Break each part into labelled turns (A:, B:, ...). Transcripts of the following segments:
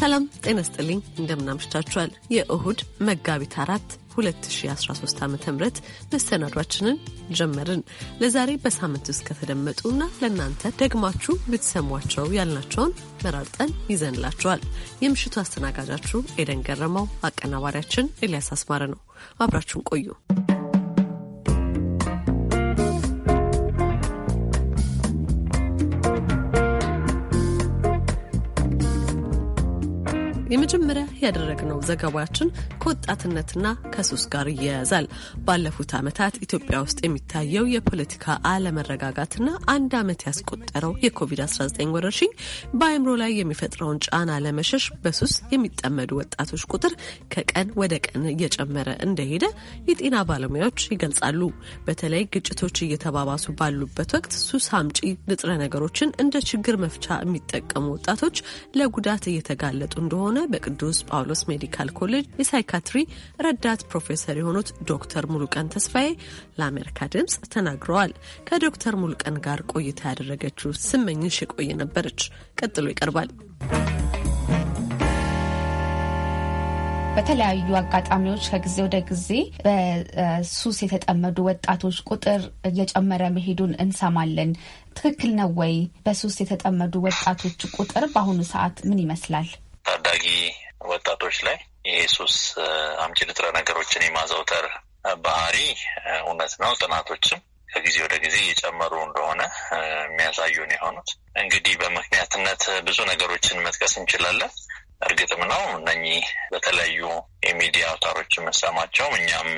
A: ሰላም ጤና ስጥልኝ። እንደምናምሽታችኋል። የእሁድ መጋቢት አራት 2013 ዓ ም መሰናዷችንን ጀመርን። ለዛሬ በሳምንት ውስጥ ከተደመጡና ለእናንተ ደግማችሁ ብትሰሟቸው ያልናቸውን መራርጠን ይዘንላችኋል። የምሽቱ አስተናጋጃችሁ ኤደን ገረመው፣ አቀናባሪያችን ኤልያስ አስማረ ነው። አብራችሁን ቆዩ። የመጀመሪያ ያደረግነው ዘገባችን ከወጣትነትና ከሱስ ጋር ይያያዛል። ባለፉት ዓመታት ኢትዮጵያ ውስጥ የሚታየው የፖለቲካ አለመረጋጋትና አንድ ዓመት ያስቆጠረው የኮቪድ-19 ወረርሽኝ በአእምሮ ላይ የሚፈጥረውን ጫና ለመሸሽ በሱስ የሚጠመዱ ወጣቶች ቁጥር ከቀን ወደ ቀን እየጨመረ እንደሄደ የጤና ባለሙያዎች ይገልጻሉ። በተለይ ግጭቶች እየተባባሱ ባሉበት ወቅት ሱስ አምጪ ንጥረ ነገሮችን እንደ ችግር መፍቻ የሚጠቀሙ ወጣቶች ለጉዳት እየተጋለጡ እንደሆነ እንደሆነ በቅዱስ ጳውሎስ ሜዲካል ኮሌጅ የሳይካትሪ ረዳት ፕሮፌሰር የሆኑት ዶክተር ሙሉቀን ተስፋዬ ለአሜሪካ ድምፅ ተናግረዋል። ከዶክተር ሙሉቀን ጋር ቆይታ ያደረገችው ስመኝሽ የቆየ ነበረች። ቀጥሎ ይቀርባል።
B: በተለያዩ አጋጣሚዎች ከጊዜ ወደ ጊዜ በሱስ የተጠመዱ ወጣቶች ቁጥር እየጨመረ መሄዱን እንሰማለን። ትክክል ነው ወይ? በሱስ የተጠመዱ ወጣቶች ቁጥር በአሁኑ ሰዓት ምን ይመስላል?
C: ወጣቶች ላይ የሱስ ሱስ አምጪ ንጥረ ነገሮችን የማዘውተር ባህሪ እውነት ነው። ጥናቶችም ከጊዜ ወደ ጊዜ እየጨመሩ እንደሆነ የሚያሳዩን የሆኑት እንግዲህ በምክንያትነት ብዙ ነገሮችን መጥቀስ እንችላለን። እርግጥም ነው እነኚህ በተለያዩ የሚዲያ አውታሮች የምንሰማቸውም እኛም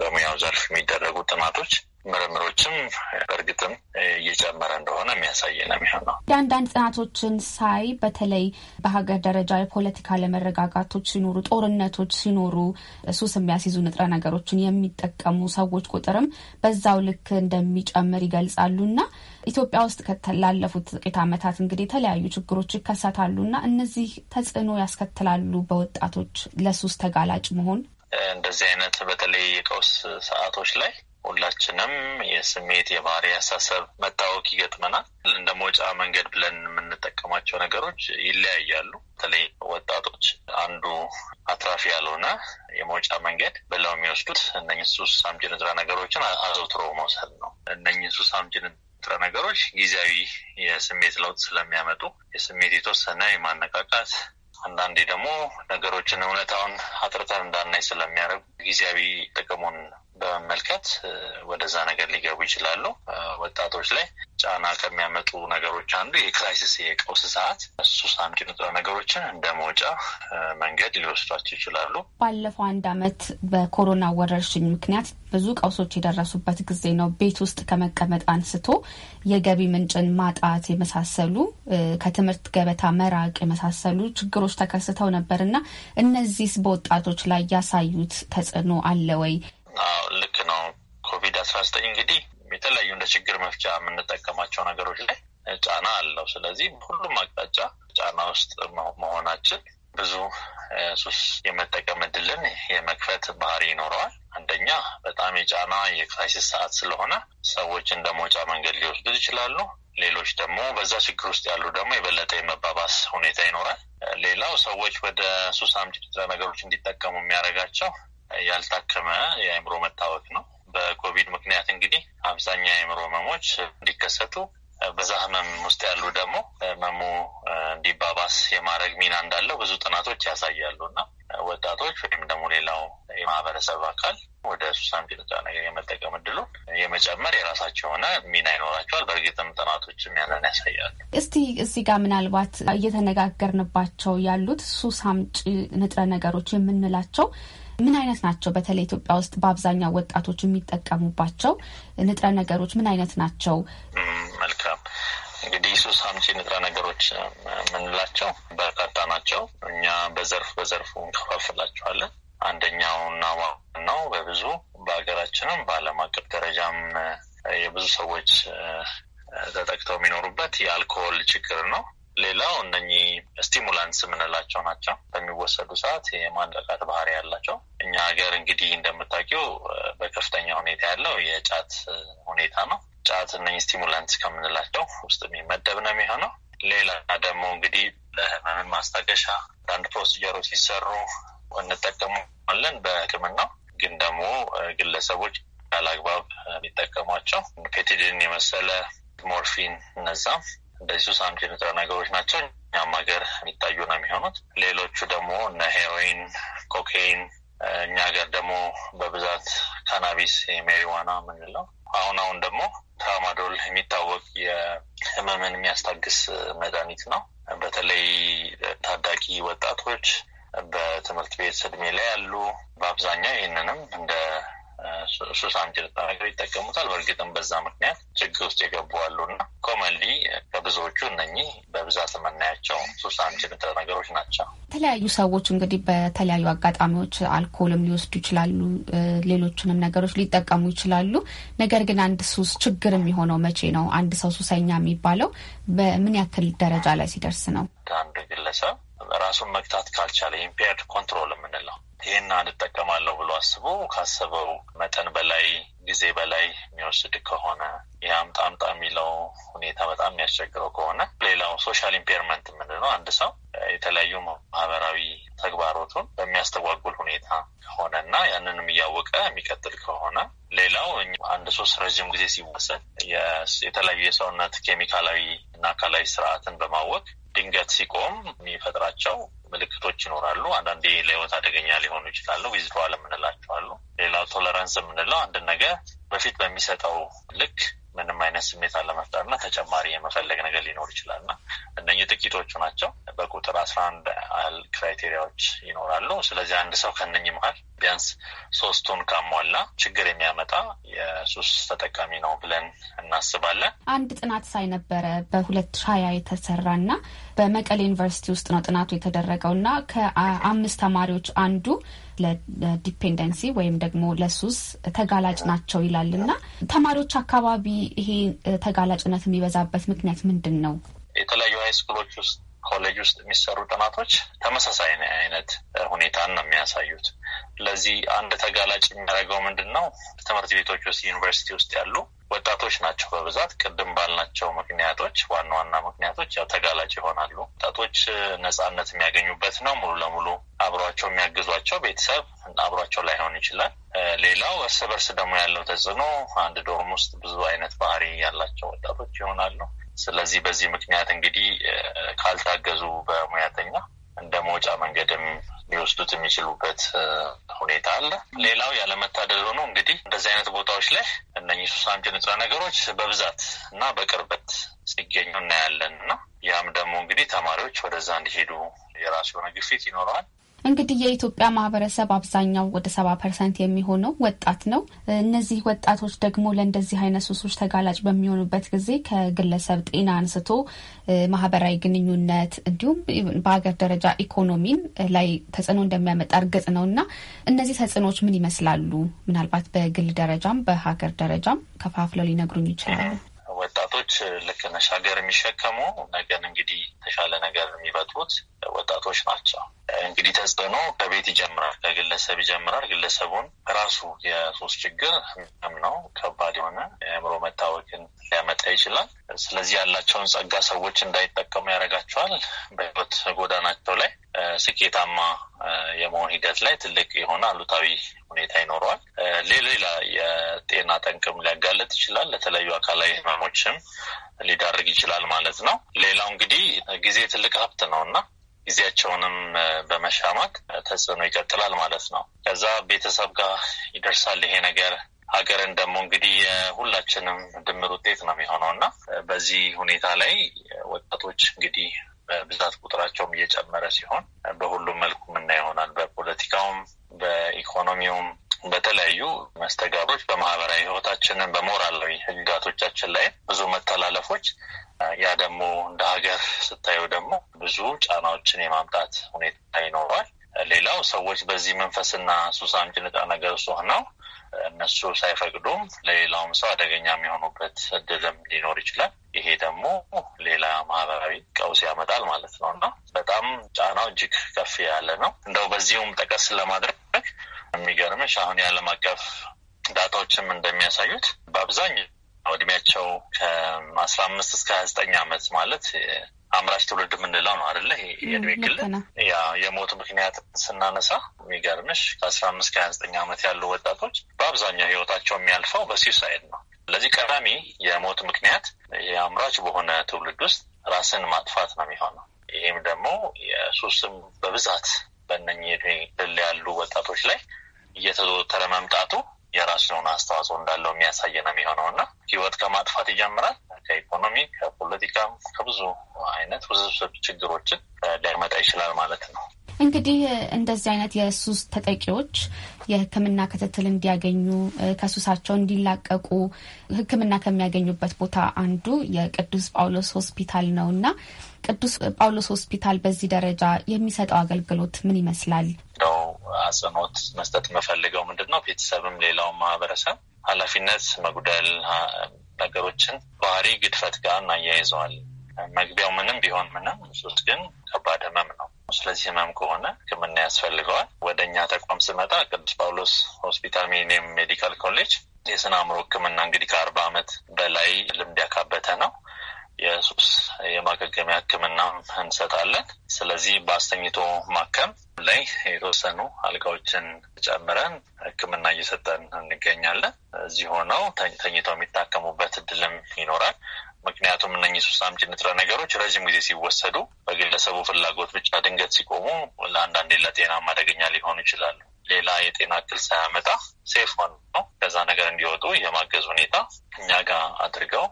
C: በሙያው ዘርፍ የሚደረጉ ጥናቶች ምርምሮችም በእርግጥም እየጨመረ እንደሆነ የሚያሳይ ነው የሚሆነው።
B: አንዳንድ ጥናቶችን ሳይ በተለይ በሀገር ደረጃ የፖለቲካ አለመረጋጋቶች ሲኖሩ፣ ጦርነቶች ሲኖሩ ሱስ የሚያስይዙ ንጥረ ነገሮችን የሚጠቀሙ ሰዎች ቁጥርም በዛው ልክ እንደሚጨምር ይገልጻሉ እና ኢትዮጵያ ውስጥ ከተላለፉት ጥቂት ዓመታት እንግዲህ የተለያዩ ችግሮች ይከሰታሉ እና እነዚህ ተጽዕኖ ያስከትላሉ በወጣቶች ለሱስ ተጋላጭ መሆን እንደዚህ አይነት በተለይ የቀውስ ሰዓቶች ላይ ሁላችንም
C: የስሜት የባህሪ ያሳሰብ መታወክ ይገጥመናል። እንደ መውጫ መንገድ ብለን የምንጠቀማቸው ነገሮች ይለያያሉ። በተለይ ወጣቶች አንዱ አትራፊ ያልሆነ የመውጫ መንገድ ብለው የሚወስዱት እነኝህ ሱስ አምጪ ንጥረ ነገሮችን አዘውትሮ መውሰድ ነው። እነኝህ ሱስ አምጪ ንጥረ ነገሮች ጊዜያዊ የስሜት ለውጥ ስለሚያመጡ የስሜት የተወሰነ የማነቃቃት አንዳንዴ ደግሞ ነገሮችን እውነታውን አጥርተን እንዳናይ ስለሚያደርጉ ጊዜያዊ ጥቅሙን በመመልከት ወደዛ ነገር ሊገቡ ይችላሉ። ወጣቶች ላይ ጫና ከሚያመጡ ነገሮች አንዱ የክራይሲስ የቀውስ ሰዓት ሱስ አምጪ ንጥረ ነገሮችን እንደ መውጫ መንገድ ሊወስዷቸው ይችላሉ።
B: ባለፈው አንድ አመት በኮሮና ወረርሽኝ ምክንያት ብዙ ቀውሶች የደረሱበት ጊዜ ነው። ቤት ውስጥ ከመቀመጥ አንስቶ የገቢ ምንጭን ማጣት የመሳሰሉ ከትምህርት ገበታ መራቅ የመሳሰሉ ችግሮች ተከስተው ነበር እና እነዚህስ በወጣቶች ላይ ያሳዩት ተጽዕኖ አለ ወይ?
C: ልክ ነው። ኮቪድ አስራ ዘጠኝ እንግዲህ የተለያዩ እንደ ችግር መፍቻ የምንጠቀማቸው ነገሮች ላይ ጫና አለው። ስለዚህ ሁሉም አቅጣጫ ጫና ውስጥ መሆናችን ብዙ ሱስ የመጠቀም እድልን የመክፈት ባህሪ ይኖረዋል። አንደኛ በጣም የጫና የክራይሲስ ሰዓት ስለሆነ ሰዎች እንደ መውጫ መንገድ ሊወስዱ ይችላሉ። ሌሎች ደግሞ በዛ ችግር ውስጥ ያሉ ደግሞ የበለጠ የመባባስ ሁኔታ ይኖራል። ሌላው ሰዎች ወደ ሱስ አምጪ ንጥረ ነገሮች እንዲጠቀሙ የሚያደርጋቸው ያልታከመ የአእምሮ መታወክ ነው። በኮቪድ ምክንያት እንግዲህ አብዛኛ የአእምሮ ህመሞች እንዲከሰቱ በዛ ህመም ውስጥ ያሉ ደግሞ ህመሙ እንዲባባስ የማድረግ ሚና እንዳለው ብዙ ጥናቶች ያሳያሉ እና ወጣቶች ወይም ደግሞ ሌላው የማህበረሰብ አካል ወደ ሱሳን ጭጫ ነገር የመጠቀም እድሉ የመጨመር የራሳቸው የሆነ ሚና ይኖራቸዋል። በእርግጥም ጥናቶችም ያንን ያሳያሉ።
B: እስቲ እዚህ ጋር ምናልባት እየተነጋገርንባቸው ያሉት ሱስ አምጪ ንጥረ ነገሮች የምንላቸው ምን አይነት ናቸው? በተለይ ኢትዮጵያ ውስጥ በአብዛኛው ወጣቶች የሚጠቀሙባቸው ንጥረ ነገሮች ምን አይነት ናቸው?
C: መልካም እንግዲህ ሱስ አምጪ ንጥረ ነገሮች የምንላቸው በርካታ ናቸው። እኛ በዘርፍ በዘርፉ እንከፋፍላቸዋለን። አንደኛውና ዋናው በብዙ በሀገራችንም በዓለም አቀፍ ደረጃም የብዙ ሰዎች ተጠቅተው የሚኖሩበት የአልኮሆል ችግር ነው። ሌላው እነኚህ ስቲሙላንስ የምንላቸው ናቸው። በሚወሰዱ ሰዓት የማንለቃት ባህሪ ያላቸው እኛ ሀገር እንግዲህ እንደምታውቂው በከፍተኛ ሁኔታ ያለው የጫት ሁኔታ ነው። ጫት እነኚህ ስቲሙላንስ ከምንላቸው ውስጥ የሚመደብ ነው የሚሆነው። ሌላ ደግሞ እንግዲህ ለህመምን ማስታገሻ አንዳንድ ፕሮሲጀሮች ሲሰሩ እንጠቀመለን በህክምናው ግን ደግሞ ግለሰቦች ያለ አግባብ የሚጠቀሟቸው ፔቲድን የመሰለ ሞርፊን እነዛም እንደዚህ ሱሳምጪ ንጥረ ነገሮች ናቸው እኛም ሀገር የሚታዩ ነው የሚሆኑት። ሌሎቹ ደግሞ እነ ሄሮይን፣ ኮኬይን እኛ ሀገር ደግሞ በብዛት ካናቢስ የሜሪዋና ምንለው አሁን አሁን ደግሞ ትራማዶል የሚታወቅ የህመምን የሚያስታግስ መድኃኒት ነው። በተለይ ታዳጊ ወጣቶች በትምህርት ቤት እድሜ ላይ ያሉ በአብዛኛው ይህንንም እንደ ሱሳንጅርጣ ነገር ይጠቀሙታል። በእርግጥም በዛ ምክንያት ችግር ውስጥ የገቡ አሉና ኮመንሊ ከብዙዎቹ እነኚህ በብዛት የምናያቸው ሱሳንጅርጣ ነገሮች ናቸው።
B: የተለያዩ ሰዎች እንግዲህ በተለያዩ አጋጣሚዎች አልኮልም ሊወስዱ ይችላሉ፣ ሌሎችንም ነገሮች ሊጠቀሙ ይችላሉ። ነገር ግን አንድ ሱስ ችግር የሚሆነው መቼ ነው? አንድ ሰው ሱሰኛ የሚባለው በምን ያክል ደረጃ ላይ
C: ሲደርስ ነው? አንድ ግለሰብ ራሱን መግታት ካልቻለ ኢምፔርድ ኮንትሮል የምንለው ይህን እንጠቀማለሁ ብሎ አስቦ ካሰበው መጠን በላይ ጊዜ በላይ የሚወስድ ከሆነ የአምጣ አምጣ የሚለው ሁኔታ በጣም የሚያስቸግረው ከሆነ ሌላው ሶሻል ኢምፔርመንት የምንለው አንድ ሰው የተለያዩ ማህበራዊ ተግባሮቱን በሚያስተጓጉል ሁኔታ ከሆነ እና ያንንም እያወቀ የሚቀጥል ከሆነ ሌላው አንድ ሶስት ረዥም ጊዜ ሲወሰድ የተለያዩ የሰውነት ኬሚካላዊ እና አካላዊ ስርዓትን በማወቅ ድንገት ሲቆም የሚፈጥራቸው ምልክቶች ይኖራሉ። አንዳንዴ ለህይወት አደገኛ ሊሆኑ ይችላሉ። ዊዝድሯል የምንላቸዋሉ። ሌላው ቶለራንስ የምንለው አንድን ነገር በፊት በሚሰጠው ልክ ምንም አይነት ስሜት አለመፍጠርና ተጨማሪ የመፈለግ ነገር ሊኖር ይችላልና እነኚህ ጥቂቶቹ ናቸው። በቁጥር አስራ አንድ ክራይቴሪያዎች ይኖራሉ። ስለዚህ አንድ ሰው ከነኝ መሀል ቢያንስ ሶስቱን ካሟላ ችግር የሚያመጣ የሱስ ተጠቃሚ ነው ብለን እናስባለን።
B: አንድ ጥናት ሳይ ነበረ በሁለት ሀያ የተሰራ እና በመቀሌ ዩኒቨርሲቲ ውስጥ ነው ጥናቱ የተደረገው እና ከአምስት ተማሪዎች አንዱ ለዲፔንደንሲ ወይም ደግሞ ለሱስ ተጋላጭ ናቸው ይላል እና ተማሪዎች አካባቢ ይሄ ተጋላጭነት የሚበዛበት ምክንያት ምንድን ነው?
C: የተለያዩ ስኩሎች ውስጥ ኮሌጅ ውስጥ የሚሰሩ ጥናቶች ተመሳሳይ አይነት ሁኔታን ነው የሚያሳዩት። ለዚህ አንድ ተጋላጭ የሚያደርገው ምንድን ነው? ትምህርት ቤቶች ውስጥ ዩኒቨርሲቲ ውስጥ ያሉ ወጣቶች ናቸው በብዛት ቅድም ባልናቸው ምክንያቶች፣ ዋና ዋና ምክንያቶች ያው ተጋላጭ ይሆናሉ። ወጣቶች ነጻነት የሚያገኙበት ነው። ሙሉ ለሙሉ አብሯቸው የሚያግዟቸው ቤተሰብ አብሯቸው ላይሆን ይችላል። ሌላው እርስ በርስ ደግሞ ያለው ተጽዕኖ አንድ ዶርም ውስጥ ብዙ አይነት ባህሪ ያላቸው ወጣቶች ይሆናሉ። ስለዚህ በዚህ ምክንያት እንግዲህ ካልታገዙ በሙያተኛ እንደ መውጫ መንገድም ሊወስዱት የሚችሉበት ሁኔታ አለ። ሌላው ያለመታደል ሆኖ እንግዲህ እንደዚህ አይነት ቦታዎች ላይ እነኚህ ሱስ አምጪ ንጥረ ነገሮች በብዛት እና በቅርበት ሲገኙ እናያለን እና ያም ደግሞ እንግዲህ ተማሪዎች ወደዛ እንዲሄዱ የራሱ የሆነ ግፊት ይኖረዋል።
B: እንግዲህ የኢትዮጵያ ማህበረሰብ አብዛኛው ወደ ሰባ ፐርሰንት የሚሆነው ወጣት ነው። እነዚህ ወጣቶች ደግሞ ለእንደዚህ አይነት ሱሶች ተጋላጭ በሚሆኑበት ጊዜ ከግለሰብ ጤና አንስቶ ማህበራዊ ግንኙነት እንዲሁም በሀገር ደረጃ ኢኮኖሚን ላይ ተጽዕኖ እንደሚያመጣ እርግጥ ነው እና እነዚህ ተጽዕኖዎች ምን ይመስላሉ? ምናልባት በግል ደረጃም በሀገር ደረጃም ከፋፍለው ሊነግሩኝ ይችላሉ። ወጣቶች ልክ ነሽ ሀገር የሚሸከሙ ነገን እንግዲህ
C: የተሻለ ነገር የሚበጥሩት ወጣቶች ናቸው። እንግዲህ ተጽዕኖ ከቤት ይጀምራል፣ ከግለሰብ ይጀምራል። ግለሰቡን ራሱ የሱስ ችግር ህመም ነው፣ ከባድ የሆነ የአእምሮ መታወክን ሊያመጣ ይችላል። ስለዚህ ያላቸውን ጸጋ ሰዎች እንዳይጠቀሙ ያደርጋቸዋል። በህይወት ጎዳናቸው ላይ ስኬታማ የመሆን ሂደት ላይ ትልቅ የሆነ አሉታዊ ሁኔታ ይኖረዋል። ሌላ የጤና ጠንቅም ሊያጋለጥ ይችላል። ለተለያዩ አካላዊ ህመሞችም ሊዳርግ ይችላል ማለት ነው። ሌላው እንግዲህ ጊዜ ትልቅ ሀብት ነው እና ጊዜያቸውንም በመሻማት ተጽዕኖ ይቀጥላል ማለት ነው። ከዛ ቤተሰብ ጋር ይደርሳል ይሄ ነገር። ሀገርን ደግሞ እንግዲህ የሁላችንም ድምር ውጤት ነው የሚሆነው እና በዚህ ሁኔታ ላይ ወጣቶች እንግዲህ በብዛት ቁጥራቸውም እየጨመረ ሲሆን በሁሉም መልኩ ምና ይሆናል በፖለቲካውም፣ በኢኮኖሚውም በተለያዩ መስተጋብሮች በማህበራዊ ህይወታችንን በሞራላዊ ህግጋቶቻችን ላይ ብዙ መተላለፎች ያ ደግሞ እንደ ሀገር ስታየው ደግሞ ብዙ ጫናዎችን የማምጣት ሁኔታ ይኖረዋል። ሌላው ሰዎች በዚህ መንፈስና ሱስ አምጪ ንጥረ ነገር ውስጥ ሆነው እነሱ ሳይፈቅዱም ለሌላውም ሰው አደገኛ የሚሆኑበት እድልም ሊኖር ይችላል። ይሄ ደግሞ ሌላ ማህበራዊ ቀውስ ያመጣል ማለት ነው እና በጣም ጫናው እጅግ ከፍ ያለ ነው። እንደው በዚሁም ጠቀስ ለማድረግ የሚገርምሽ አሁን የዓለም አቀፍ ዳታዎችም እንደሚያሳዩት በአብዛኛው እድሜያቸው ከአስራ አምስት እስከ ሀያ ዘጠኝ ዓመት ማለት አምራች ትውልድ የምንለው ነው አደለ? የእድሜ ክልል ያ የሞት ምክንያት ስናነሳ የሚገርምሽ ከአስራ አምስት ከሀያ ዘጠኝ አመት ያሉ ወጣቶች በአብዛኛው ህይወታቸው የሚያልፈው በሱሳይድ ነው። ለዚህ ቀዳሚ የሞት ምክንያት የአምራች በሆነ ትውልድ ውስጥ ራስን ማጥፋት ነው የሚሆነው። ይህም ደግሞ የሱስም በብዛት በእነኝህ እድሜ ክልል ያሉ ወጣቶች ላይ እየተዘወተረ መምጣቱ የራሱ የሆነ አስተዋጽኦ እንዳለው የሚያሳይ ነው የሚሆነው እና ህይወት ከማጥፋት ይጀምራል። ከኢኮኖሚ፣ ከፖለቲካም ከብዙ አይነት ውስብስብ ችግሮችን ሊያመጣ ይችላል ማለት ነው።
B: እንግዲህ እንደዚህ አይነት የሱስ ተጠቂዎች የህክምና ክትትል እንዲያገኙ ከሱሳቸው እንዲላቀቁ ህክምና ከሚያገኙበት ቦታ አንዱ የቅዱስ ጳውሎስ ሆስፒታል ነው እና ቅዱስ ጳውሎስ ሆስፒታል በዚህ ደረጃ የሚሰጠው አገልግሎት ምን ይመስላል? ነው
C: አጽንኦት መስጠት የምፈልገው ምንድን ነው፣ ቤተሰብም ሌላውን ማህበረሰብ ኃላፊነት መጉደል ነገሮችን ባህሪ ግድፈት ጋር እናያይዘዋል። መግቢያው ምንም ቢሆን ምንም ሱስ ግን ከባድ ህመም ነው። ስለዚህ ህመም ከሆነ ሕክምና ያስፈልገዋል። ወደ እኛ ተቋም ስመጣ ቅዱስ ጳውሎስ ሆስፒታል ሚሊኒየም ሜዲካል ኮሌጅ የስነ አእምሮ ሕክምና እንግዲህ ከአርባ ዓመት በላይ ልምድ ያካበተ ነው። የሱስ የማገገሚያ ህክምና እንሰጣለን። ስለዚህ በአስተኝቶ ማከም ላይ የተወሰኑ አልጋዎችን ጨምረን ህክምና እየሰጠን እንገኛለን። እዚህ ሆነው ተኝተው የሚታከሙበት እድልም ይኖራል። ምክንያቱም እነኚህ ሱስ አምጪ ንጥረ ነገሮች ረዥም ጊዜ ሲወሰዱ በግለሰቡ ፍላጎት ብቻ ድንገት ሲቆሙ ለአንዳንዴ ለጤናም አደገኛ ሊሆኑ ይችላሉ። ሌላ የጤና እክል ሳያመጣ ሴፍ ሆነው ከዛ ነገር እንዲወጡ የማገዝ ሁኔታ እኛ ጋር አድርገው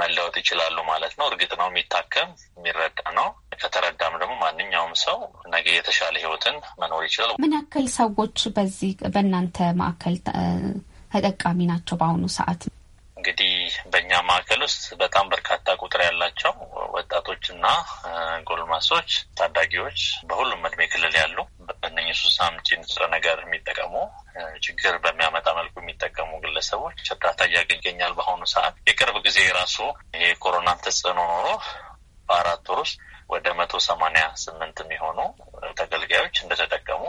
C: መለወጥ ይችላሉ ማለት ነው። እርግጥ ነው የሚታከም የሚረዳ ነው። ከተረዳም ደግሞ ማንኛውም ሰው ነገ የተሻለ ህይወትን መኖር ይችላል። ምን
B: ያክል ሰዎች በዚህ በእናንተ ማዕከል ተጠቃሚ ናቸው በአሁኑ ሰዓት?
C: በእኛ ማዕከል ውስጥ በጣም በርካታ ቁጥር ያላቸው ወጣቶች እና ጎልማሶች፣ ታዳጊዎች በሁሉም እድሜ ክልል ያሉ በእነኝህ ሱስ አምጪ ንጥረ ነገር የሚጠቀሙ ችግር በሚያመጣ መልኩ የሚጠቀሙ ግለሰቦች እርዳታ እያገኘኛል። በአሁኑ ሰዓት የቅርብ ጊዜ ራሱ የኮሮና ተጽዕኖ ኖሮ በአራት ወር ውስጥ ወደ መቶ ሰማኒያ ስምንት የሚሆኑ ተገልጋዮች እንደተጠቀሙ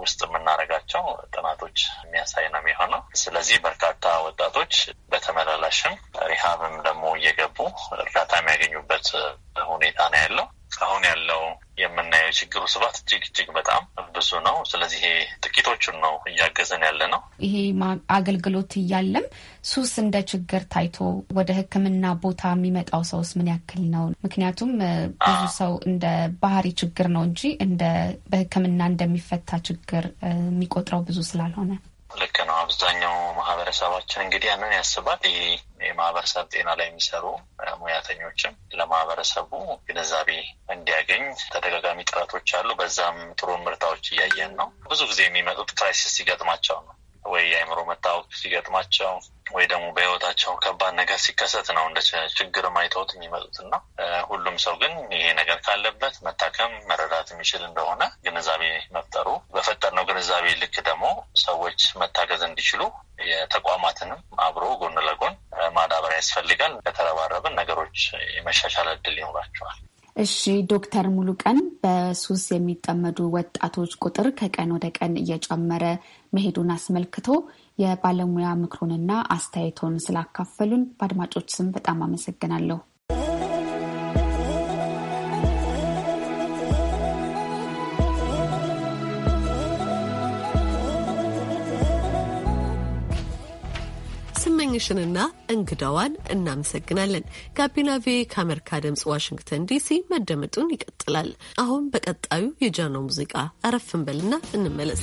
C: ውስጥ የምናደርጋቸው ጥናቶች የሚያሳይ ነው የሚሆነው። ስለዚህ በርካታ ወጣቶች በተመላላሽም ሪሃብም ደግሞ እየገቡ እርዳታ የሚያገኙበት ሁኔታ ነው ያለው። አሁን ያለው የምናየው ችግሩ ስባት እጅግ እጅግ በጣም ብዙ ነው። ስለዚህ ይሄ ጥቂቶቹን ነው እያገዘን ያለ ነው።
B: ይሄ አገልግሎት እያለም ሱስ እንደ ችግር ታይቶ ወደ ሕክምና ቦታ የሚመጣው ሰውስ ምን ያክል ነው? ምክንያቱም ብዙ ሰው እንደ ባህሪ ችግር ነው እንጂ እንደ በሕክምና እንደሚፈታ ችግር የሚቆጥረው ብዙ ስላልሆነ
C: አብዛኛው ማህበረሰባችን እንግዲህ ያንን ያስባል። ይህ የማህበረሰብ ጤና ላይ የሚሰሩ ሙያተኞችም ለማህበረሰቡ ግንዛቤ እንዲያገኝ ተደጋጋሚ ጥረቶች አሉ። በዛም ጥሩ ምርታዎች እያየን ነው። ብዙ ጊዜ የሚመጡት ክራይሲስ ሲገጥማቸው ነው። ወይ የአእምሮ መታወቅ ሲገጥማቸው ወይ ደግሞ በህይወታቸው ከባድ ነገር ሲከሰት ነው እንደ ችግር ማይተውት የሚመጡት እና ሁሉም ሰው ግን ይሄ ነገር ካለበት መታከም መረዳት የሚችል እንደሆነ ግንዛቤ መፍጠሩ በፈጠርነው ግንዛቤ ልክ ደግሞ ሰዎች መታገዝ እንዲችሉ የተቋማትንም አብሮ ጎን ለጎን ማዳበሪያ ያስፈልጋል። ከተረባረብን ነገሮች የመሻሻል እድል ይኖራቸዋል።
B: እሺ ዶክተር ሙሉቀን በሱስ የሚጠመዱ ወጣቶች ቁጥር ከቀን ወደ ቀን እየጨመረ መሄዱን አስመልክቶ የባለሙያ ምክሩንና አስተያየቶን ስላካፈሉን በአድማጮች ስም በጣም አመሰግናለሁ።
A: ሽንና እንግዳዋን እናመሰግናለን። ጋቢና ቪ ከአሜሪካ ድምጽ ዋሽንግተን ዲሲ መደመጡን ይቀጥላል። አሁን በቀጣዩ የጃኖ ሙዚቃ አረፍንበልና እንመለስ።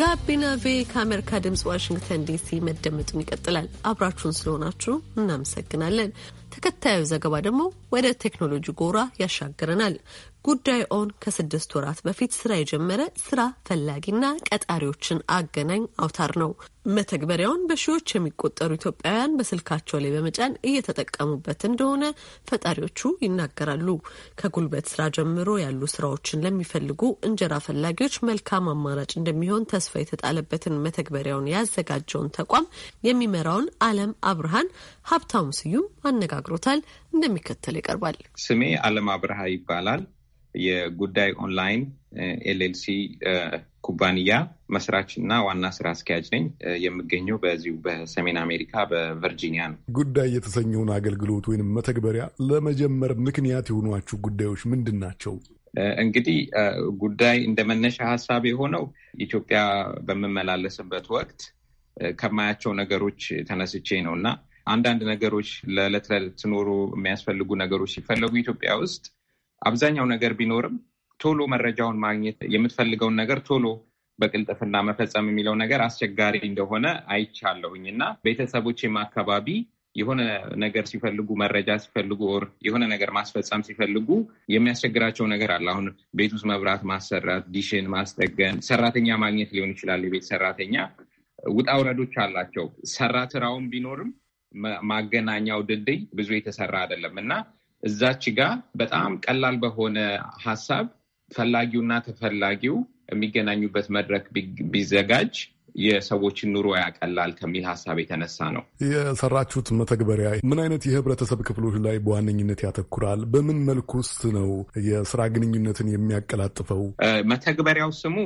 A: ጋቢና ቬ ከአሜሪካ ድምፅ ዋሽንግተን ዲሲ መደመጡን ይቀጥላል። አብራችሁን ስለሆናችሁ እናመሰግናለን። ተከታዩ ዘገባ ደግሞ ወደ ቴክኖሎጂ ጎራ ያሻግረናል። ጉዳይ ኦን ከስድስት ወራት በፊት ስራ የጀመረ ስራ ፈላጊና ቀጣሪዎችን አገናኝ አውታር ነው። መተግበሪያውን በሺዎች የሚቆጠሩ ኢትዮጵያውያን በስልካቸው ላይ በመጫን እየተጠቀሙበት እንደሆነ ፈጣሪዎቹ ይናገራሉ። ከጉልበት ስራ ጀምሮ ያሉ ስራዎችን ለሚፈልጉ እንጀራ ፈላጊዎች መልካም አማራጭ እንደሚሆን ተስፋ የተጣለበትን መተግበሪያውን ያዘጋጀውን ተቋም የሚመራውን አለም አብርሃን ሀብታሙ ስዩም አነጋግሮታል፣ እንደሚከተል ይቀርባል።
D: ስሜ አለም አብርሃ ይባላል። የጉዳይ ኦንላይን ኤልኤልሲ ኩባንያ መስራች እና ዋና ስራ አስኪያጅ ነኝ። የምገኘው በዚሁ በሰሜን አሜሪካ በቨርጂኒያ ነው።
E: ጉዳይ የተሰኘውን አገልግሎት ወይም መተግበሪያ ለመጀመር ምክንያት የሆኗችሁ ጉዳዮች ምንድን ናቸው?
D: እንግዲህ ጉዳይ እንደ መነሻ ሀሳብ የሆነው ኢትዮጵያ በምመላለስበት ወቅት ከማያቸው ነገሮች ተነስቼ ነው እና አንዳንድ ነገሮች ለዕለት ለዕለት ኖሮ የሚያስፈልጉ ነገሮች ሲፈለጉ ኢትዮጵያ ውስጥ አብዛኛው ነገር ቢኖርም ቶሎ መረጃውን ማግኘት የምትፈልገውን ነገር ቶሎ በቅልጥፍና መፈጸም የሚለው ነገር አስቸጋሪ እንደሆነ አይቻለሁኝ እና ቤተሰቦቼም አካባቢ የሆነ ነገር ሲፈልጉ መረጃ ሲፈልጉ ር የሆነ ነገር ማስፈጸም ሲፈልጉ የሚያስቸግራቸው ነገር አለ። አሁን ቤት ውስጥ መብራት ማሰራት፣ ዲሽን ማስጠገን፣ ሰራተኛ ማግኘት ሊሆን ይችላል። የቤት ሰራተኛ ውጣ ውረዶች አላቸው። ሰራ ቢኖርም ማገናኛው ድልድይ ብዙ የተሰራ አይደለም እና እዛች ጋር በጣም ቀላል በሆነ ሀሳብ ፈላጊውና ተፈላጊው የሚገናኙበት መድረክ ቢዘጋጅ የሰዎችን ኑሮ ያቀላል ከሚል ሀሳብ የተነሳ ነው
E: የሰራችሁት መተግበሪያ። ምን አይነት የህብረተሰብ ክፍሎች ላይ በዋነኝነት ያተኩራል? በምን መልኩ ውስጥ ነው የስራ ግንኙነትን የሚያቀላጥፈው?
D: መተግበሪያው ስሙ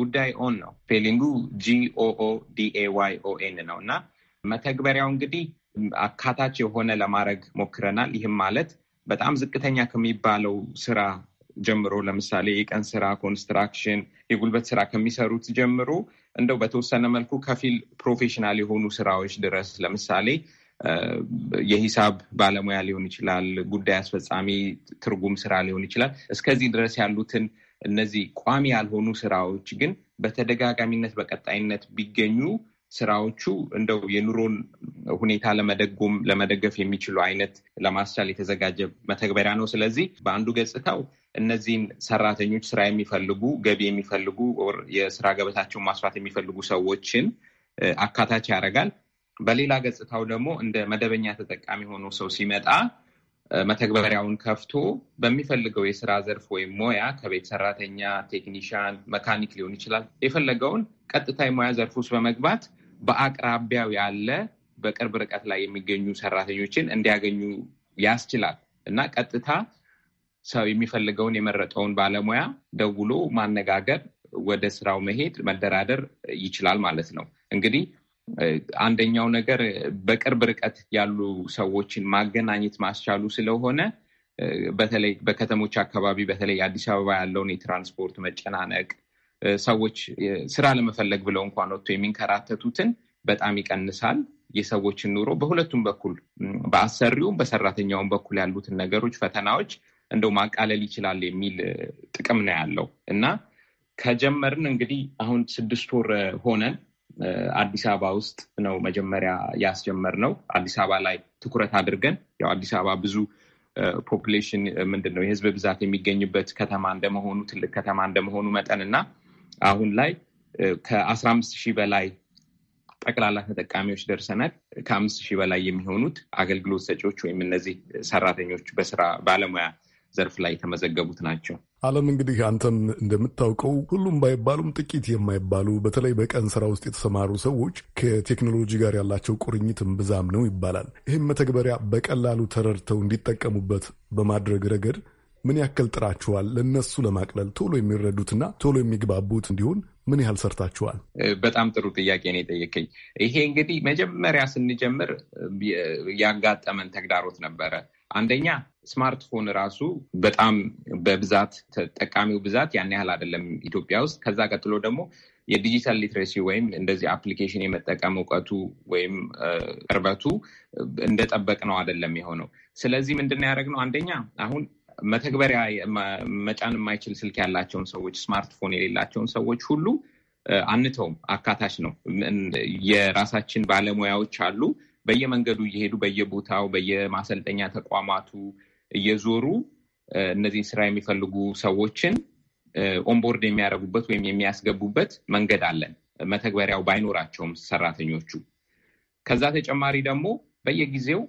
D: ጉዳይ ኦን ነው። ፔሊንጉ ጂኦኦ ዲኤዋይ ኦኤን ነው እና መተግበሪያው እንግዲህ አካታች የሆነ ለማድረግ ሞክረናል። ይህም ማለት በጣም ዝቅተኛ ከሚባለው ስራ ጀምሮ ለምሳሌ የቀን ስራ፣ ኮንስትራክሽን፣ የጉልበት ስራ ከሚሰሩት ጀምሮ እንደው በተወሰነ መልኩ ከፊል ፕሮፌሽናል የሆኑ ስራዎች ድረስ ለምሳሌ የሂሳብ ባለሙያ ሊሆን ይችላል፣ ጉዳይ አስፈጻሚ፣ ትርጉም ስራ ሊሆን ይችላል። እስከዚህ ድረስ ያሉትን እነዚህ ቋሚ ያልሆኑ ስራዎች ግን በተደጋጋሚነት በቀጣይነት ቢገኙ ስራዎቹ እንደው የኑሮን ሁኔታ ለመደጎም ለመደገፍ የሚችሉ አይነት ለማስቻል የተዘጋጀ መተግበሪያ ነው። ስለዚህ በአንዱ ገጽታው እነዚህን ሰራተኞች ስራ የሚፈልጉ ገቢ የሚፈልጉ የስራ ገበታቸውን ማስፋት የሚፈልጉ ሰዎችን አካታች ያደርጋል። በሌላ ገጽታው ደግሞ እንደ መደበኛ ተጠቃሚ ሆኖ ሰው ሲመጣ መተግበሪያውን ከፍቶ በሚፈልገው የስራ ዘርፍ ወይም ሙያ ከቤት ሰራተኛ፣ ቴክኒሽያን መካኒክ ሊሆን ይችላል የፈለገውን ቀጥታ የሙያ ዘርፍ ውስጥ በመግባት በአቅራቢያው ያለ በቅርብ ርቀት ላይ የሚገኙ ሰራተኞችን እንዲያገኙ ያስችላል እና ቀጥታ ሰው የሚፈልገውን የመረጠውን ባለሙያ ደውሎ ማነጋገር፣ ወደ ስራው መሄድ፣ መደራደር ይችላል ማለት ነው። እንግዲህ አንደኛው ነገር በቅርብ ርቀት ያሉ ሰዎችን ማገናኘት ማስቻሉ ስለሆነ በተለይ በከተሞች አካባቢ በተለይ አዲስ አበባ ያለውን የትራንስፖርት መጨናነቅ ሰዎች ስራ ለመፈለግ ብለው እንኳን ወጥቶ የሚንከራተቱትን በጣም ይቀንሳል። የሰዎችን ኑሮ በሁለቱም በኩል በአሰሪውም በሰራተኛውም በኩል ያሉትን ነገሮች፣ ፈተናዎች እንደው ማቃለል ይችላል የሚል ጥቅም ነው ያለው እና ከጀመርን እንግዲህ አሁን ስድስት ወር ሆነን አዲስ አበባ ውስጥ ነው መጀመሪያ ያስጀመር ነው። አዲስ አበባ ላይ ትኩረት አድርገን ያው አዲስ አበባ ብዙ ፖፕሌሽን ምንድን ነው የህዝብ ብዛት የሚገኝበት ከተማ እንደመሆኑ ትልቅ ከተማ እንደመሆኑ መጠን እና አሁን ላይ ከአስራ አምስት ሺህ በላይ ጠቅላላ ተጠቃሚዎች ደርሰናል። ከአምስት ሺህ በላይ የሚሆኑት አገልግሎት ሰጪዎች ወይም እነዚህ ሰራተኞች በስራ ባለሙያ ዘርፍ ላይ የተመዘገቡት ናቸው።
E: ዓለም እንግዲህ አንተም እንደምታውቀው ሁሉም ባይባሉም ጥቂት የማይባሉ በተለይ በቀን ስራ ውስጥ የተሰማሩ ሰዎች ከቴክኖሎጂ ጋር ያላቸው ቁርኝት እምብዛም ነው ይባላል። ይህም መተግበሪያ በቀላሉ ተረድተው እንዲጠቀሙበት በማድረግ ረገድ ምን ያክል ጥራችኋል? ለእነሱ ለማቅለል ቶሎ የሚረዱትና ቶሎ የሚግባቡት እንዲሆን ምን ያህል ሰርታችኋል?
D: በጣም ጥሩ ጥያቄ ነው የጠየቀኝ። ይሄ እንግዲህ መጀመሪያ ስንጀምር ያጋጠመን ተግዳሮት ነበረ። አንደኛ ስማርትፎን ራሱ በጣም በብዛት ተጠቃሚው ብዛት ያን ያህል አይደለም ኢትዮጵያ ውስጥ። ከዛ ቀጥሎ ደግሞ የዲጂታል ሊትሬሲ ወይም እንደዚህ አፕሊኬሽን የመጠቀም እውቀቱ ወይም ቅርበቱ እንደጠበቅ ነው አይደለም የሆነው። ስለዚህ ምንድን ነው ያደረግነው? አንደኛ አሁን መተግበሪያ መጫን የማይችል ስልክ ያላቸውን ሰዎች፣ ስማርትፎን የሌላቸውን ሰዎች ሁሉ አንተውም፣ አካታች ነው። የራሳችን ባለሙያዎች አሉ በየመንገዱ እየሄዱ በየቦታው በየማሰልጠኛ ተቋማቱ እየዞሩ እነዚህን ስራ የሚፈልጉ ሰዎችን ኦንቦርድ የሚያደርጉበት ወይም የሚያስገቡበት መንገድ አለን። መተግበሪያው ባይኖራቸውም ሰራተኞቹ ከዛ ተጨማሪ ደግሞ በየጊዜው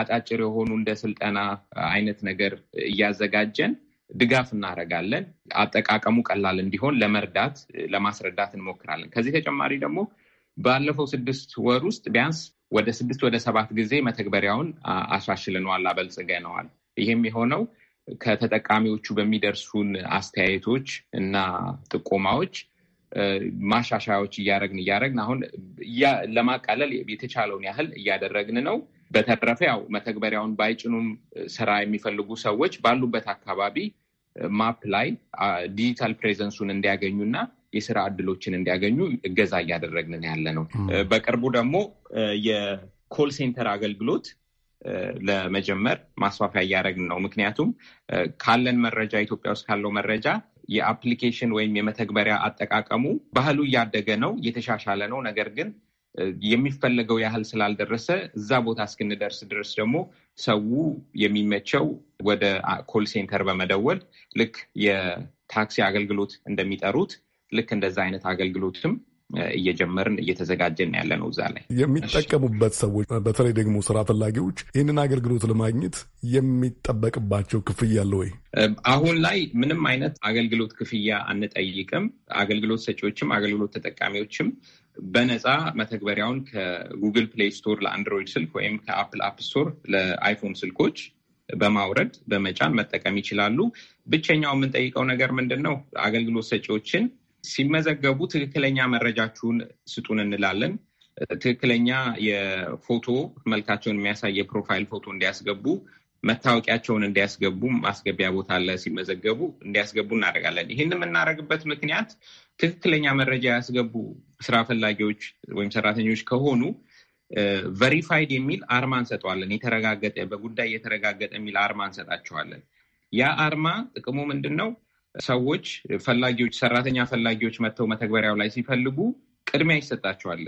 D: አጫጭር የሆኑ እንደ ስልጠና አይነት ነገር እያዘጋጀን ድጋፍ እናደርጋለን። አጠቃቀሙ ቀላል እንዲሆን ለመርዳት ለማስረዳት እንሞክራለን። ከዚህ ተጨማሪ ደግሞ ባለፈው ስድስት ወር ውስጥ ቢያንስ ወደ ስድስት ወደ ሰባት ጊዜ መተግበሪያውን አሻሽለነዋል፣ አበልጽገነዋል። ይህም የሆነው ከተጠቃሚዎቹ በሚደርሱን አስተያየቶች እና ጥቆማዎች ማሻሻያዎች እያደረግን እያደረግን አሁን ለማቃለል የተቻለውን ያህል እያደረግን ነው። በተረፈ ያው መተግበሪያውን ባይጭኑም ስራ የሚፈልጉ ሰዎች ባሉበት አካባቢ ማፕ ላይ ዲጂታል ፕሬዘንሱን እንዲያገኙና የስራ እድሎችን እንዲያገኙ እገዛ እያደረግን ያለ ነው። በቅርቡ ደግሞ የኮል ሴንተር አገልግሎት ለመጀመር ማስፋፊያ እያደረግን ነው። ምክንያቱም ካለን መረጃ ኢትዮጵያ ውስጥ ካለው መረጃ የአፕሊኬሽን ወይም የመተግበሪያ አጠቃቀሙ ባህሉ እያደገ ነው፣ እየተሻሻለ ነው። ነገር ግን የሚፈለገው ያህል ስላልደረሰ እዛ ቦታ እስክንደርስ ድረስ ደግሞ ሰው የሚመቸው ወደ ኮል ሴንተር በመደወል ልክ የታክሲ አገልግሎት እንደሚጠሩት ልክ እንደዛ አይነት አገልግሎትም እየጀመርን እየተዘጋጀን ያለ ነው። እዛ ላይ
E: የሚጠቀሙበት ሰዎች በተለይ ደግሞ ስራ ፈላጊዎች ይህንን አገልግሎት ለማግኘት የሚጠበቅባቸው ክፍያ አለ ወይ?
D: አሁን ላይ ምንም አይነት አገልግሎት ክፍያ አንጠይቅም። አገልግሎት ሰጪዎችም አገልግሎት ተጠቃሚዎችም በነፃ መተግበሪያውን ከጉግል ፕሌይ ስቶር ለአንድሮይድ ስልክ ወይም ከአፕል አፕ ስቶር ለአይፎን ስልኮች በማውረድ በመጫን መጠቀም ይችላሉ። ብቸኛው የምንጠይቀው ነገር ምንድን ነው? አገልግሎት ሰጪዎችን ሲመዘገቡ ትክክለኛ መረጃችሁን ስጡን እንላለን። ትክክለኛ የፎቶ መልካቸውን የሚያሳይ የፕሮፋይል ፎቶ እንዲያስገቡ መታወቂያቸውን እንዲያስገቡ ማስገቢያ ቦታ አለ። ሲመዘገቡ እንዲያስገቡ እናደርጋለን። ይህን የምናደርግበት ምክንያት ትክክለኛ መረጃ ያስገቡ ስራ ፈላጊዎች ወይም ሰራተኞች ከሆኑ ቨሪፋይድ የሚል አርማ እንሰጠዋለን። የተረጋገጠ በጉዳይ የተረጋገጠ የሚል አርማ እንሰጣቸዋለን። ያ አርማ ጥቅሙ ምንድን ነው? ሰዎች ፈላጊዎች፣ ሰራተኛ ፈላጊዎች መጥተው መተግበሪያው ላይ ሲፈልጉ ቅድሚያ ይሰጣቸዋል።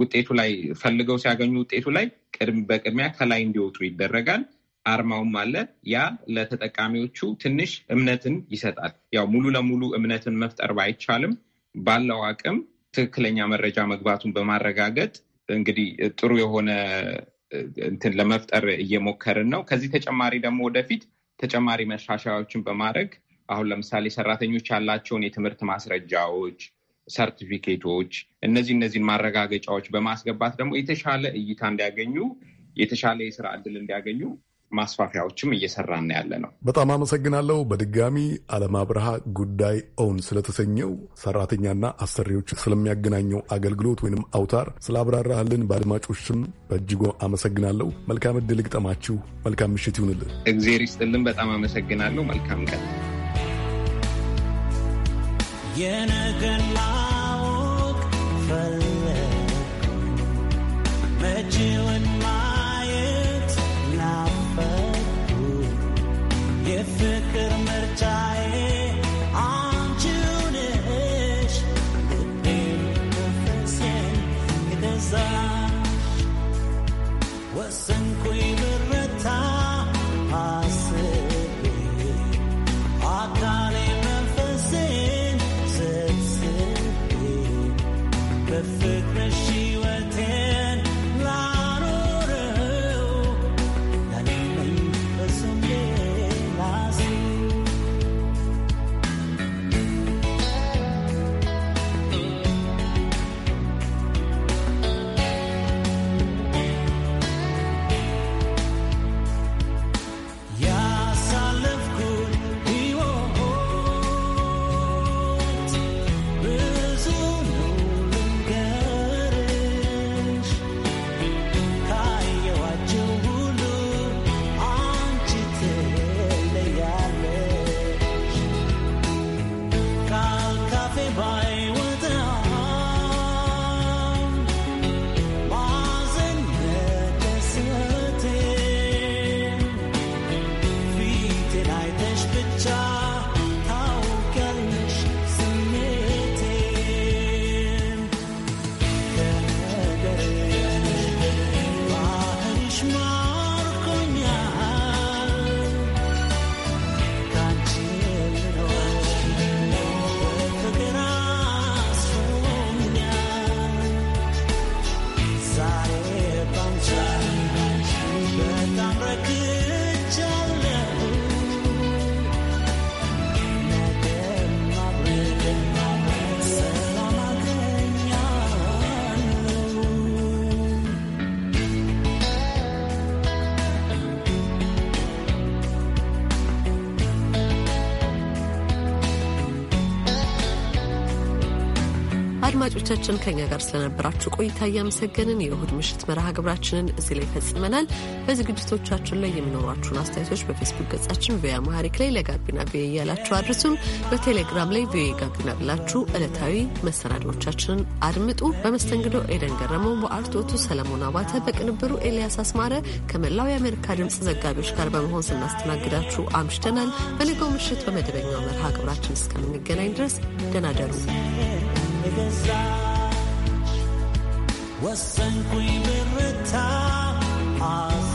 D: ውጤቱ ላይ ፈልገው ሲያገኙ ውጤቱ ላይ በቅድሚያ ከላይ እንዲወጡ ይደረጋል። አርማውም አለ። ያ ለተጠቃሚዎቹ ትንሽ እምነትን ይሰጣል። ያው ሙሉ ለሙሉ እምነትን መፍጠር ባይቻልም ባለው አቅም ትክክለኛ መረጃ መግባቱን በማረጋገጥ እንግዲህ ጥሩ የሆነ እንትን ለመፍጠር እየሞከርን ነው። ከዚህ ተጨማሪ ደግሞ ወደፊት ተጨማሪ መሻሻያዎችን በማድረግ አሁን ለምሳሌ ሰራተኞች ያላቸውን የትምህርት ማስረጃዎች፣ ሰርቲፊኬቶች እነዚህ እነዚህን ማረጋገጫዎች በማስገባት ደግሞ የተሻለ እይታ እንዲያገኙ የተሻለ የስራ እድል እንዲያገኙ ማስፋፊያዎችም እየሰራን ያለ ነው።
E: በጣም አመሰግናለሁ። በድጋሚ ዓለም አብርሃ ጉዳይ ኦን ስለተሰኘው ሰራተኛና አሰሪዎች ስለሚያገናኘው አገልግሎት ወይንም አውታር ስላብራራህልን በአድማጮች በእጅጉ አመሰግናለሁ። መልካም እድል ግጠማችሁ። መልካም ምሽት ይሁንልን።
D: እግዜር ይስጥልን። በጣም አመሰግናለሁ። መልካም ቀን
F: የነገን ላውቅ ፈለግ ማየት ናፈኩ
A: አድማጮቻችን ከኛ ጋር ስለነበራችሁ ቆይታ እያመሰገንን የእሁድ ምሽት መርሃ ግብራችንን እዚህ ላይ ፈጽመናል። በዝግጅቶቻችን ላይ የሚኖሯችሁን አስተያየቶች በፌስቡክ ገጻችን ቪኦኤ ላይ ለጋቢና ቪ እያላችሁ አድርሱን። በቴሌግራም ላይ ቪኦኤ ጋቢና ብላችሁ እለታዊ መሰናዶቻችንን አድምጡ። በመስተንግዶ ኤደን ገረመው፣ በአርቶቱ ሰለሞን አባተ፣ በቅንብሩ ኤልያስ አስማረ ከመላው የአሜሪካ ድምፅ ዘጋቢዎች ጋር በመሆን ስናስተናግዳችሁ አምሽተናል። በነገው ምሽት በመደበኛው መርሃ ግብራችን እስከምንገናኝ ድረስ ደናደሩ።
F: e pensare, vuoi sangue in verità,